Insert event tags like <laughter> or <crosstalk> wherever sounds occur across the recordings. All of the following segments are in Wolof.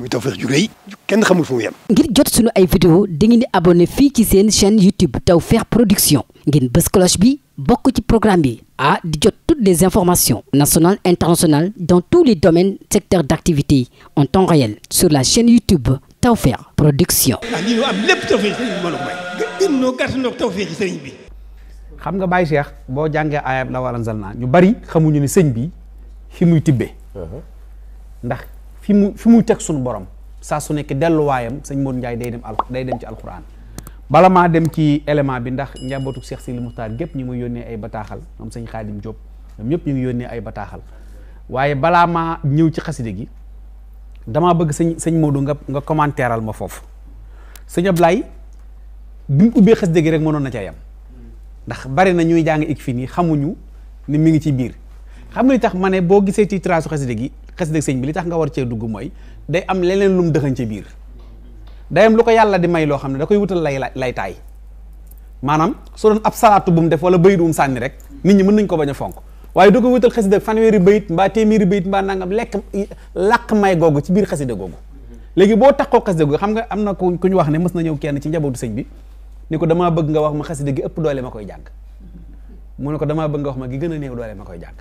muy Tawfekh ju rëy kenn xamul fu mu yem. ngir jot sunu ay vidéo dangeen di abonné fii ci seen chaîne YouTube Tawfekh Production ngeen bës cloche bi bokk ci programme bi ah di jot toutes les informations national internationales dans tous les domaines secteurs d'activité en temps réel sur la chaîne YouTube Tawfekh Production. ah lii am lépp Tawfekh sëriñ bi ma xam nga bay Cheikh boo jàngee ayab la walanzal naa ñu bari xamuñu ni sëñ bi fi tibbee. Uh-huh. fi mu fi muy teg suñu borom saa su nekk delluwaayam sëñ Modou njaay day dem al day dem ci alxuraan bala maa dem ci élément bi ndax njabootu Cheikh Sidi Muxtaar gépp ñu ngi yónnee ay bataaxal moom sëñ Xaadim Diop ñoom ñëpp ñu ngi yónnee ay bataaxal waaye balaa maa ñëw ci xaside gi damaa bëgg sëñ sëñ moodu nga nga commentéral ma foofu sëñ Ablaye bi mu ubbee xaside gi rek mënoon na ca yam ndax bari na ñuy jàng ik fi nii xamuñu ni mi ngi ci biir xam nga tax ma ne boo gisee ci trasu xasida gi xasida sëñ bi li tax nga war cee dugg mooy day am leneen lum dëxañ ci biir day am lu ko yàlla di may loo xam ne da koy wutal lay lay taay maanaam su doon ab bu mu def wala bayit bu sànni rek nit ñi mën nañ ko bañ a fonk waaye du ko wutal xasida fanweeri bayit mbaa téeméeri bayit mbaa nangam lekk làq may googu ci biir xasida googu léegi boo taxoo xasida googu xam nga am na ku ñu wax ne mës na ñëw kenn ci njabootu sëñ bi ni ko damaa bëgg nga wax ma xasida gi ëpp doole ma koy jàng mu ne ko damaa bëgg nga wax ma gi gën a néew doole ma koy ko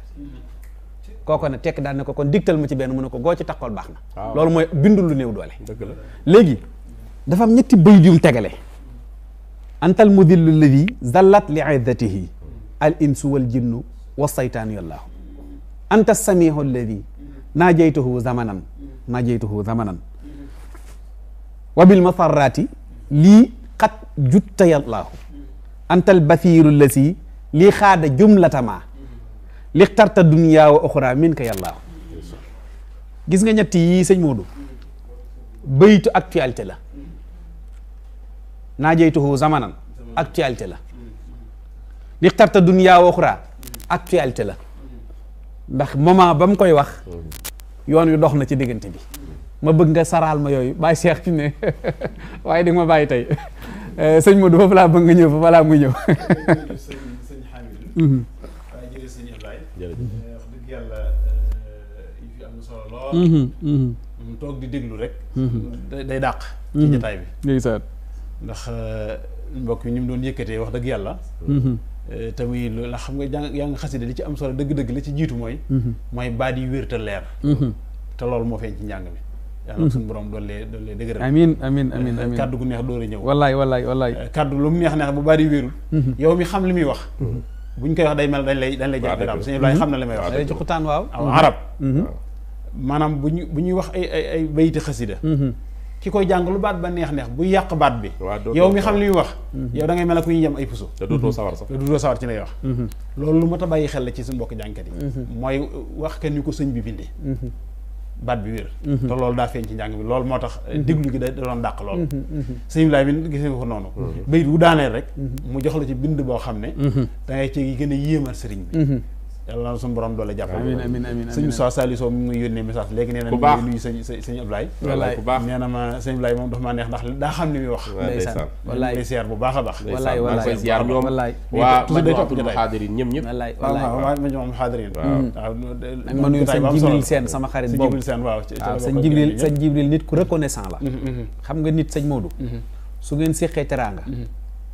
kooko na tekk daan ne ko kon digtal ma ci benn mu ne ko goo ci takkool baax na loolu mooy bindul lu néew doole léegi dafa am ñetti bayit yum tegale antal mudillu ladi zallat li izzatihi al insu wal jinnu wa saytaanu yallaahu anta samihu alladi naajaytuhu zamanan naajaytuhu zamanan wa bil masarraati lii qad jutta yallaahu anta al basiru lasi lii xaada jumlatama li tarta dunya wa oxra ka yàllaaw gis nga ñetti yi sëñ Moodu baytu actualité la naa jeytuhu zamanan actualité la li tarta dunya wa actualité la ndax moment ba mu koy wax yoon wi dox na ci diggante bi ma bëgg nga saraal ma yooyu bàyyi seex fi ne <laughs> waaye di nga ma bàyyi tey <laughs> eh, sëñ Moodu foofu laa bëgg nga ñëw fa balaa muy ñëw <laughs> waaye jërëjëf sëñ Ablaye wax dëgg yàlla yi fi toog di déglu rek day dàq ci jataay bi ndax mbokk yi ni mu doon yëkkatee wax dëgg yàlla te muy la xam nga jàng yaa nga xasida li ci am solo dëgg-dëgg li ci jiitu mooy mooy baat yi wér leer te loolu moo feeñ ci njàng mi yàlla na suñu borom dollee dollee dëgëral amiin amiin amiin amiin kaddu gu neex door a ñëw wallaay wallaay wallaay kaddu lu mu neex neex bu baat yi wérul mhm. yow mi xam li muy wax mhm. buñ koy wax day mel dañ lay dañ lay jàpp daam sëñ Ibrahima mhm. xam na li may wax day juxutaan waaw ah, mhm. arab mhm. maanaam bu ñu bu ñuy wax ay ay ay bayti xasida ki koy jàng lu baat ba neex neex bu yàq baat bi yow mi xam li muy wax yow da ngay mel ak ku ñuy jam ay puso te dootoo sawar sax te lay wax loolu lu mat a bàyyi xel la ci suñu mbokk jàngkat yi mooy wax ka ni ko sëñ bi bindee baat bi wér mhm. te loolu daa feeñ ci njàng bi lool moo tax mhm. déglu gi da doon dàq loolu mhm, sëñ bi gis nga ko noonu bayit wu daaneel rek mu jox la ci bind boo xam ne da ngay ci gën a yéemal sëriñ bi yàlla na suñu borom doole jàppale. amiin amiin amiin sëñ Moussa Saliou Sow mu ngi yónnee message léegi nee na. ku baax nuyu baax nee na ma sëñ Ablaye moom dafa maa neex ndax daa xam li muy wax. a baax. wallaay wallaay ma atul muhaadirin ñëpp ñëpp. wallaay wallaay waaw waaw mm. man ma muhaadirin. waaw ma nuyu sëñ Jibril Sène sama xarit boobu. sëñ Jibril waaw. waaw sëñ nit ku reconnaissant la. Mm-hmm, mm-hmm. xam nga nit sëñ Maodo. Mm-hmm. su ngeen séqee teraanga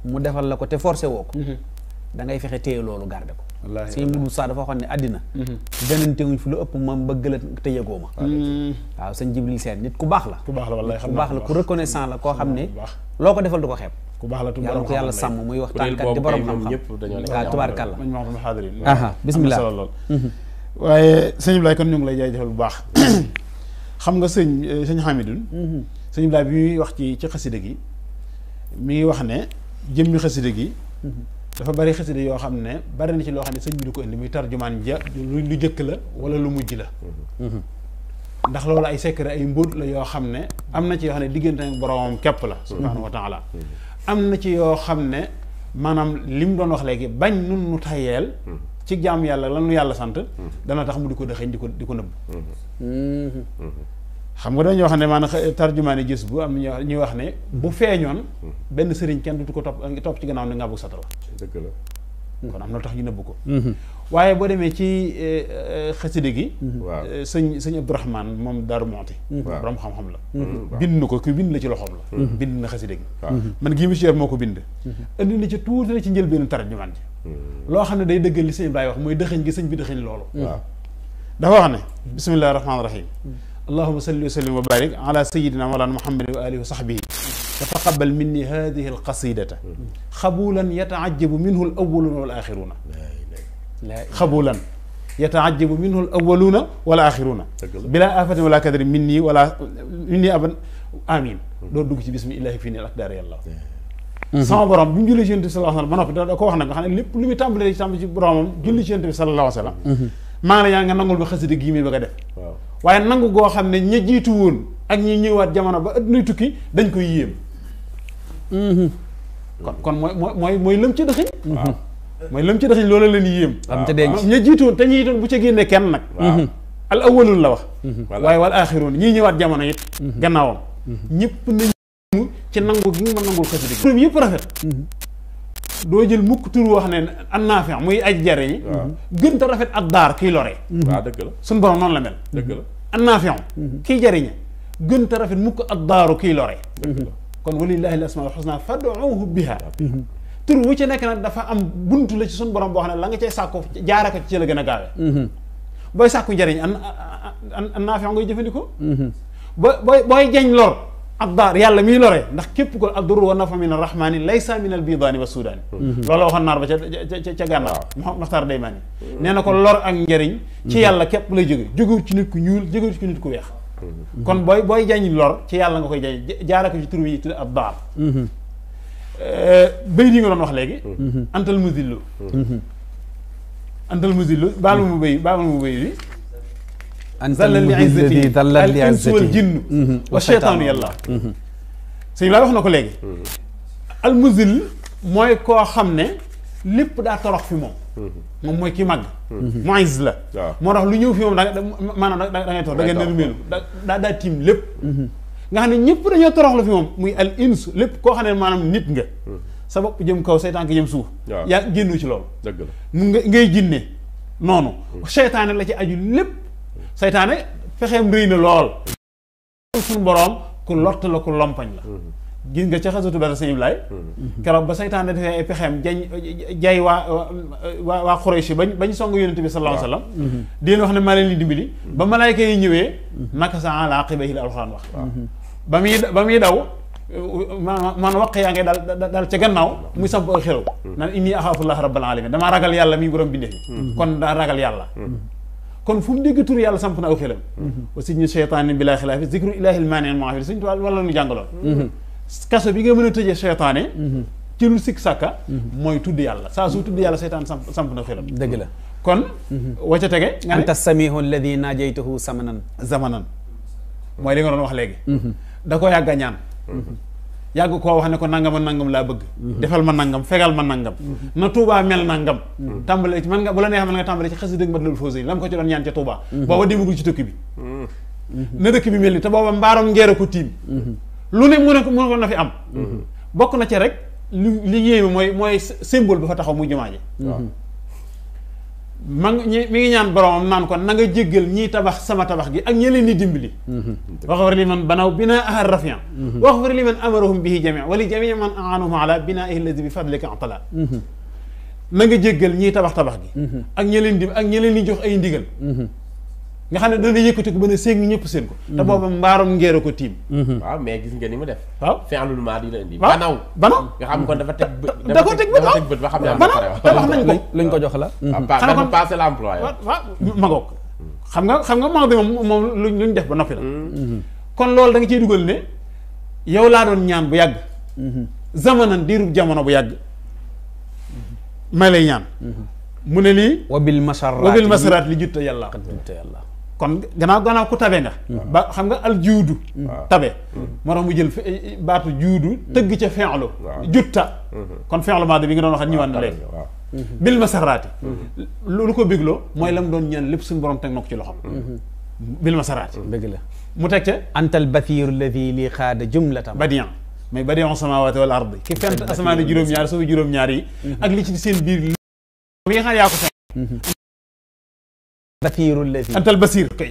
mu defal la ko te forcé woo ko dangay fexe téye loolu garde ko sëñ Mudu Musaa dafa waxoon ne àddina gënante mhm. wuñ fi lu ëpp ma mbëgg la te yëgoo ma mhm. waaw sëñ Jibril Seen nit ku baax la ku baax la wallaay xam ku baax la ko reconnaissant la koo xam ne loo ko defal du ko xeeb ku baax la tu yàlla ko yàlla sàmm muy waxtaankat di borom xam-xam waaw tubaarkàlla mañ maxamad xaadirin bismillah lool mhm. waaye sëñ Ibrahima kon ñu ngi lay jaajëfal bu baax <coughs> xam nga sëñ eh, sëñ Hamidun sëñ Ibrahima bi muy wax ci ci xasida gi mi ngi wax ne jëmmi xasida gi dafa bari xasida yoo xam ne bari na ci loo xam ne sëñ bi du ko indi muy tarjumaan ja lu jëkk la wala lu mujj la mm-hmm. Mm-hmm. ndax loolu ay secret ay mbóot la yoo xam ne am na ci yoo xam ne diggante ak boromam képp la mm-hmm. subhaanahu wa taala am na ci yoo xam ne maanaam li mu doon wax léegi bañ nun nu tayeel ci jaam yàlla lan nu yàlla sant dana tax mu di ko dëxëñ ko di ko nëbb xam nga dañoo xam ne maanaam tarjumaani gis bu am ñuy wax ne bu feeñoon hmm. benn sëriñ kenn dutu ko topp topp ci gannaaw ne nga bu satara dëgg la kon am na tax ñu nëbb ko hmm. waaye boo demee ci eh, eh, xasida gi hmm. eh, sëñ sëñ Abdourahman moom Daaru Monti borom xam-xam la bind na ko ku bind la ci loxoom la bind na xasida gi man gii monsieur moo ko bind indi na ci tuuti na ci njëlbeenu tarjumaan ji loo xam ne day dëggal li sëñ Ibrahima wax mooy dëxëñ gi sëñ bi dëxëñ loolu dafa wax ne bismillahi rahmaani rahim allahuma salli wa sallim wa barik ala sayidina mawlana muhammadin wa alihi wa sahbihi wa taqabal minni hadihi alqasidata xabulan yataajabu minhu al awaluna wal axiruna xabulan yataajabu minhu al awaluna wal axiruna bila afatin wala kadri minni wala minni aban amin doo dugg ci bismillahi fii nil akdaar yàlla mm-hmm. sama borom bi mu julli ci yonent bi sallallahu alayhi wa sallam ba noppi da ko wax nag nga xam ne lépp lu muy tàmbalee ci tàmbali ci boromam julli ci yonent bi sallallahu mm-hmm. ngi la ñaan nga gii mi ba nga def waaye nangu goo xam ne ña jiitu ak ñi ñëwaat jamono ba at addunay tukki dañ koy yéem. Mhm. kon kon mooy mooy mooy lëm ci dëxiñ. Mhm. waaw mooy lëm ci dëxiñ loola leen yéem. am te denc ña jiitu woon te bu ca génnee kenn nag. Mhm. al awwalun la wax. waaye wal aaxiroon ñii ñëwaat jamono it. gannaawam. ñëpp nañu ci nangu gi nga ma nangul xasida gi. turam yëpp rafet. doo jël mukk tur wax ne annaafi muy aj jariñ. gën te rafet ak daar kiy lore. waaw dëgg la suñu borom noonu la mel. annaafiu mhm. kii jariñe gën te rafet mukk ak daaru kii lore kon walillaahi l-asmaa'ul husnaa fad'uuhu bihaa mhm. tur wu ci nekk nag dafa am buntu la ci suñu borom boo xam ne la nga cay sàkku jaaraka ci la gën a gaawee mhm. booy sàkku njariñ an an annaafiu ngay jëfandikoo booy booy jañ lor abdaar yàlla miy lore ndax képp ko addur wa nafa min arrahmani laysa min albidaani wa sudaani mm-hmm. loolu waxoon naar ba ca ca gànnaar maxtaar daymaani mm-hmm. nee na ko lor ak njariñ ci mm-hmm. yàlla képp lay jóge jógewul ci nit ku ñuul jógewul ci nit ku weex kon booy booy jañ lor ci yàlla nga koy jañ jaara ko ci tur wi tudd abdaar euh, bay di nga doon wax léegi antal muzillu antal muzillu baal mu bay baal mu bay bi zalla li izzati al insu wal jinnu wa cheytaanu yàlla sëñ laa wax na ko léegi al muzil mooy koo xam ne lépp daa torox fi moom moom mooy ki màgg moise la moo tax lu ñëw fi moom da nga maanaam da ngay toog da ngay nërmeelu da daa tiim lépp nga xam ne ñëpp dañoo toroxlu fi moom muy al ins lépp koo xam ne maanaam nit nga hmm. sa bopp jëm kaw seytaan ki jëm suuf yaa génnu ci loolu dëgg la mu nga ngay jinne noonu hmm. seytaane la ci aju lépp seytaane fexeem rëy na lool suñu boroom ku lott la ku lompañ la mhm. gis nga ca xasatu benn sëñ Iblaay mhm. ba seytaane defee ay pexeem jañ jay waa waa waa Xuraysh bañ bañ song yonent bi sallallahu alayhi wa sallam mhm. di wax ne maa di dimbali ba malayka yi ñëwee naka sa ala aqibayhi la alxuraan ba muy ba muy daw man waq yaa ngay daal daal ca gannaaw muy samp ak xerew naan inni axaafullaah rabbal alamin damaa ragal yàlla mi borom bindee kon daa ragal yàlla kon fu mu dégg tur yàlla samp na aw xelam aussi ñu seytaane bi laa xilaafi zikru ilaahil maaneen moo xam ne suñu tubaab wala ñu jàngaloon kaso bi nga mën a tëjee seytaane ci lu sikk sàkka mooy tudd yàlla saa su tudd yàlla seytaan samp samp na xelam dëgg la kon wa ca tege nga ne anta samihu alladi naajaytuhu samanan zamanan mooy li nga doon wax léegi da ko yàgga ñaan yàgg koo wax ne ko nangam nangam laa bëgg defal ma nangam fegal ma nangam na Touba mel nangam tàmbale ci man nga bu la neexee man nga tàmbale ci xasi dëgg mat lul fauséyi la mu ko ci doon ñaan ca Touba mhm. booba dimagul ci dëkk bi mhm. na dëkk bi mel ni te booba mbaarom ngeer ko tiim mhm. lu ne mu ne mu ne ko na fi am bokk na ci rek li li mooy mooy symbole bi fa taxaw mu jumaa ma ngi mi ngi ñaan boromam naan ko na nga jéggal ñii tabax sama tabax gi ak ñi leen di dimbali mm-hmm. waxfar li man banaw binaa ahar rafian mm-hmm. waxfar li man bi bihi jami wala jami man aanahum ala binaa ihlazi bi fadlika atala mm-hmm. na nga jéggal ñii tabax tabax gi ak ñi leen di ak ñi leen di jox ay ndigal nga xam ne dana yëkkati ko ba ne séeg ñi ñëpp seen ko te mhm. booba mbaarum ngeer ko tiim mhm. mais gis nga ni mu def waaw fi'lul maadi la indi banaw banaw nga xam da ko teg bët dafa teg bët ba xam ne banaw te ko ah, xam nga xam nga xam nga maag bi moom moom luñ luñ def ba noppi la mm. mhm. kon loolu da nga ciy dugal ne yow laa doon ñaan bu yàgg zamanan diirub jamono bu yàgg may lay ñaan mu ne lii wabil masaraat wabil masaraat li jutta yàlla jutta yàlla kon gannaaw gannaaw ku tabe nga ba xam nga al juudu tabe mm-hmm. moo tax mu jël eh, eh, baatu juudu mm-hmm. tëgg ca fenlu jutta mm-hmm. kon fenlu maa de bi nga doon wax ñëwaat na léegi bil masaraati lu ko bégloo mooy la mu doon ñaan lépp suñu borom teg na ko ci loxo bil masaraati dëgg la mu teg ca antal bathiru alladi lii xaada jumlatam badian mais badian samawati wal ardi ki fent asamaani juróom-ñaari suufu juróom-ñaar yi ak li ci seen biir li nga xam yaa ko basirul lazi anta al basir kay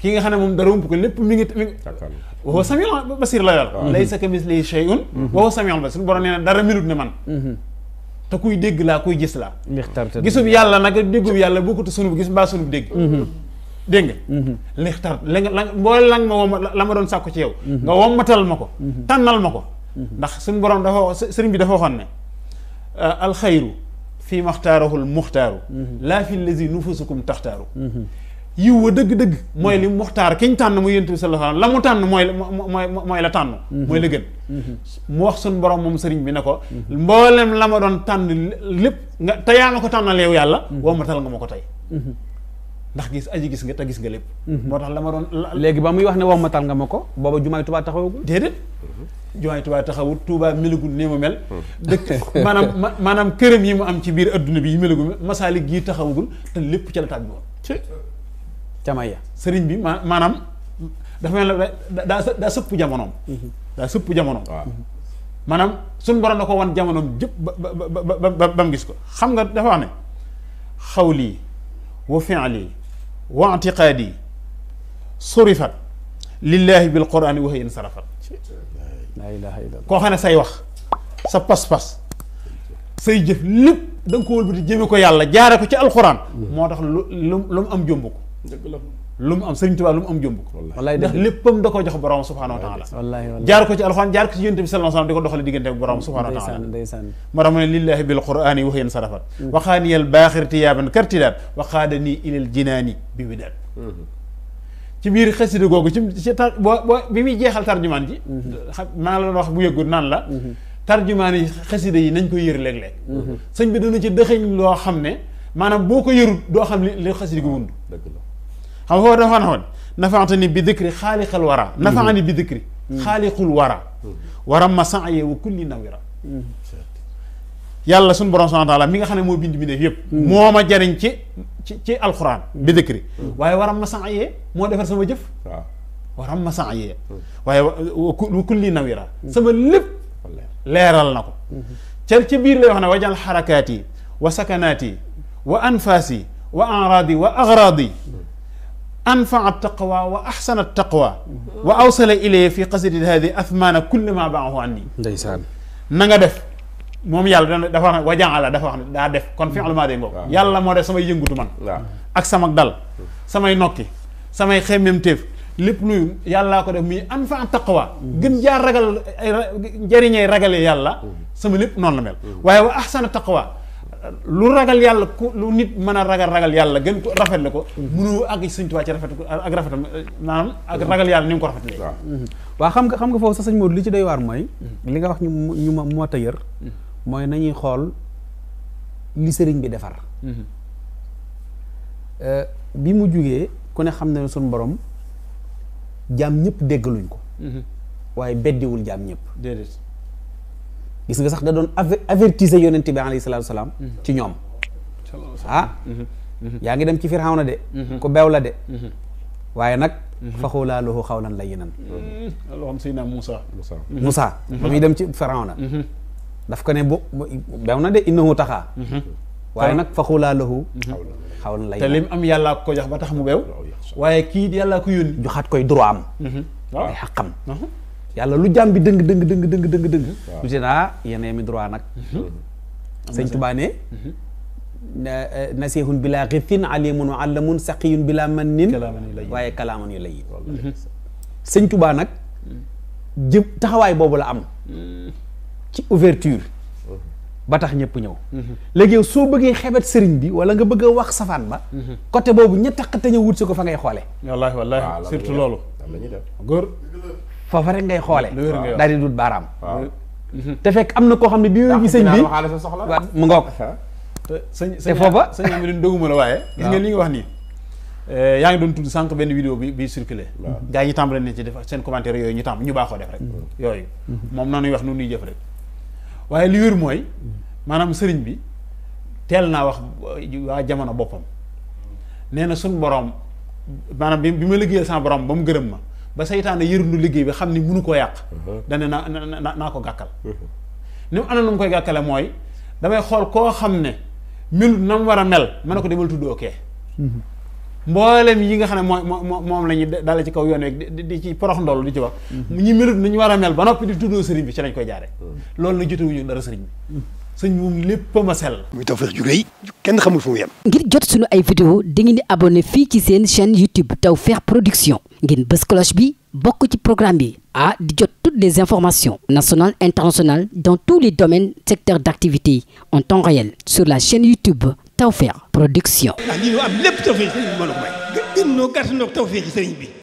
kii nga xam ne moom dara ump ko lépp mi ngi mi ngi wawa samiul basir la yàlla laysa ka mislihi shay'un wawa mhm. samiul basir borom nee na dara minut ne man mhm. te kuy dégg laa kuy gis laa gisub yàlla nag déggub yàlla bokkut sunub gis mbaa sunub dégg mhm. dégg nga lixtar la la mboole lang ma wom la ma doon sàkku ci yow nga wommatal ma ko tànnal ma ko ndax suñu borom dafa sëriñ bi dafa waxoon ne alxayru fii maxtaarahul muxtaaru mhm. laa fi lazi nufusukum taxtaaru mhm. yiw wa dëgg-dëgg mooy li muxtaar kiñ tànn mu yonent bi sallallahu alayhi wasallam la mu tànn mooy mooy la tànn mhm. mooy la gën mu wax suñ borom moom sëriñ bi ne ko mboolem la ma doon tànn lépp nga te yaa ma ko tànnal yàlla woo ma tal nga ma ko tey ndax gis aji gis nga te gis nga lépp moo tax la ma doon léegi ba muy wax ne woo ma tal nga ma ko booba jumaay Tuubaa taxawagul déedéet jumaay Tuubaa taxawut Tuubaa melagul nii mu mel. Hmm. dëkk <laughs> maanaam maanaam këram yi mu am ci biir àdduna bi yi melagul masaalik gii taxawagul te lépp ca la tàbbi sëriñ bi ma maanaam dafa mel daa sëpp jamonoom. Mhm. daa sëpp jamonoom. maanaam suñ borom da ko wan jamonoom jëpp ba ba ba gis ko xam nga dafa wax ne xawlii wa fi'lii wa i'tiqaadii surifat lillaahi bil quraani wa hiya insarafat koo xam ne say wax sa pas-pas say jëf lépp da nga ko wëlbati jëme ko yàlla jaare ko ci alxuraan moo tax lu lu mu am jomb ko lu mu am sëriñ Tuubaa lu mu am jomb ndax léppam da ko jox borom subhaanahu wa taala jaar ko ci alxuraan jaar ko ci yonent bi sallallahu alayhi wasallam di ko doxale diggante ak borom mm, subhaanahu wa taala moo tax mu ne lillahi bil qur'aani waxyéen sarafat mm. waxaaniyal baaxir tiyaaban kartidaat waxaadanii ilal jinaani bi widaat mm-hmm. ci biir xasida googu ci ci boo boo bi muy jeexal tarjumaan ji. Mhm. xam maa la wax bu yëgul naan la. Mhm. tarjumaan yi xasida yi nañ koy yër léeg-léeg. Mhm. sëñ bi na ci dëxëñ loo xam ne maanaam boo ko yërut doo xam li li xasida gi wund. xam nga foofu dafa waxoon nafaante ni bi dikri xaaliqal wara. nafaani bi dikri. xaaliqul wara. wara ma sa'yi wa kulli nawira. yàlla suñu borom subhanahu wa taala mi nga xam ne moo bind bindéef yëpp hmm. moo ma jariñ ci ci ci alxuraan bi hmm. dëkkri hmm. waaye waram ma san yee moo defar sama jëf waaw waram ma san yee waaye wa kulli nawira sama lépp leeral na ko ca ca biir lay wax ne wajal xarakaat wa sakanaat yi wa anfaas yi wa enraad yi wa agraad anfaa taqwa wa axsana taqwa wa awsala ilay fi qasidi hadi athmaana kulli ma baaxu anni ndeysaan na def moom yàlla dafa wax ne wajaan ala dafa wax ne daa def kon hmm. fi almaa de ngoog yàlla moo def samay yëngutu man ak sama dal samay nokki samay xemmemteef lépp luy yàllaa ko def muy am fa taqwa hmm. gën jaar ragal njëriñee ragale yàlla hmm. sama lépp noonu la mel waaye wa ahsana lu ragal yàlla ku lu nit mën a ragal ragal yàlla gën ko rafetle ko mënu ak Sëñ ci rafet ak rafetam maanaam ak ragal yàlla ni nga ko rafetlee waaw xam nga xam nga foofu sa sañ Modou li ci doy waar mooy li nga wax ñu ñu ma moo ta yër mooy nañuy xool li sëriñ bi defar mhm. euh, bi mu jógee ku ne xam ne suñu boroom jaam ñëpp déggaluñ ko mhm. waaye beddiwul jaam ñëpp déedéet gis nga sax da doon avertiser yonent bi alayhi salaatu salaam mhm. ci ñoom ah yaa ngi dem ci Firawna de ku beew la de waaye nag fa xawlaa lahu xawlan layyinan loo xam Seydina Moussa Moussa ba muy dem ci Firawna daf ko ne bu bew na de innahu taxaa mhm. waaye nag fa xulaa mhm. xaw xawlan lay te lim am yàllaa ko jox ba tax mu bew waaye kii yàllaa ko yónni joxaat koy droit am mhm. ay xaqam yàlla lu jàmm bi dëng dëng dëng dëng dëng dëng lu te ah, naa yenee mi droit nag sëñ Tuubaa ne eh, nasihun bila xifin alimun wa allamun waaye kalaaman yu layin sëñ Tuubaa nag jëm taxawaay boobu la am ci ouverture ba tax ñëpp ñëw léegi soo bëggee xebet sëriñ bi wala nga bëgg wax safaan ba côté boobu ñu tax te si ko fa ngay xoole wallaahi wallaahi surtout loolu góor foofa rek ngay xoole daal di dut baaraam mhm. te fekk am na koo xam ne bi muy bi sëñ bi mu ngoog te foofa sëñ am leen dëgguma la waaye gis ngeen li nga wax nii eh, yaa ngi doon tudd sànq benn vidéo bi bi circulé gaa yi ñu tàmbale ne ci def seen commentaire yooyu ñu tàmb ñu baaxoo def rek mm-hmm. yooyu mm-hmm. moom noonu wax nu nuy jëf rek waaye li wér mooy maanaam sëriñ bi teel naa wax waa jamono boppam nee na suñ boroom maanaam bi ma liggéeyal sama borom ba mu gërëm ma ba seytaane yërundu liggéey bi xam ni mënu koo yàq uh-huh. dane naa naa ko gàkkal uh-huh. ni mu ana koy gàkkale mooy damay xool koo xam ne melu na mu war a mel ma ne ko demal tuddoo kee uh-huh. mboolem yi nga xam ne moom moom la ñuy dale ci kaw yoon wi di ci porox ndoll di ci wax. Mm-hmm. ñu melut nañu war a mel ba noppi di tuddoo sëriñ bi ci lañ koy jaare mm-hmm. loolu nag jotewuñu dara sëriñ bi. Mm-hmm. sëñ bi moom lépp a ma sell. muy Tawfekh ju rëy kenn xamul fu mu yem. ngir jot sunu ay vidéo dangeen di abonné fii ci seen chaîne YouTube Tawfekh Production ngeen bës cloche bi bokk ci programme bi ah di jot toutes les informations nationales internationales dans tous les domaines secteurs d'activité en temps réel sur la chaîne YouTube. Tawfekh Production. ndax ah, lii am lépp tawfeex ci sëriñ bi mën a may. gën noo gàtt noo tawfeex ci sëriñ bi.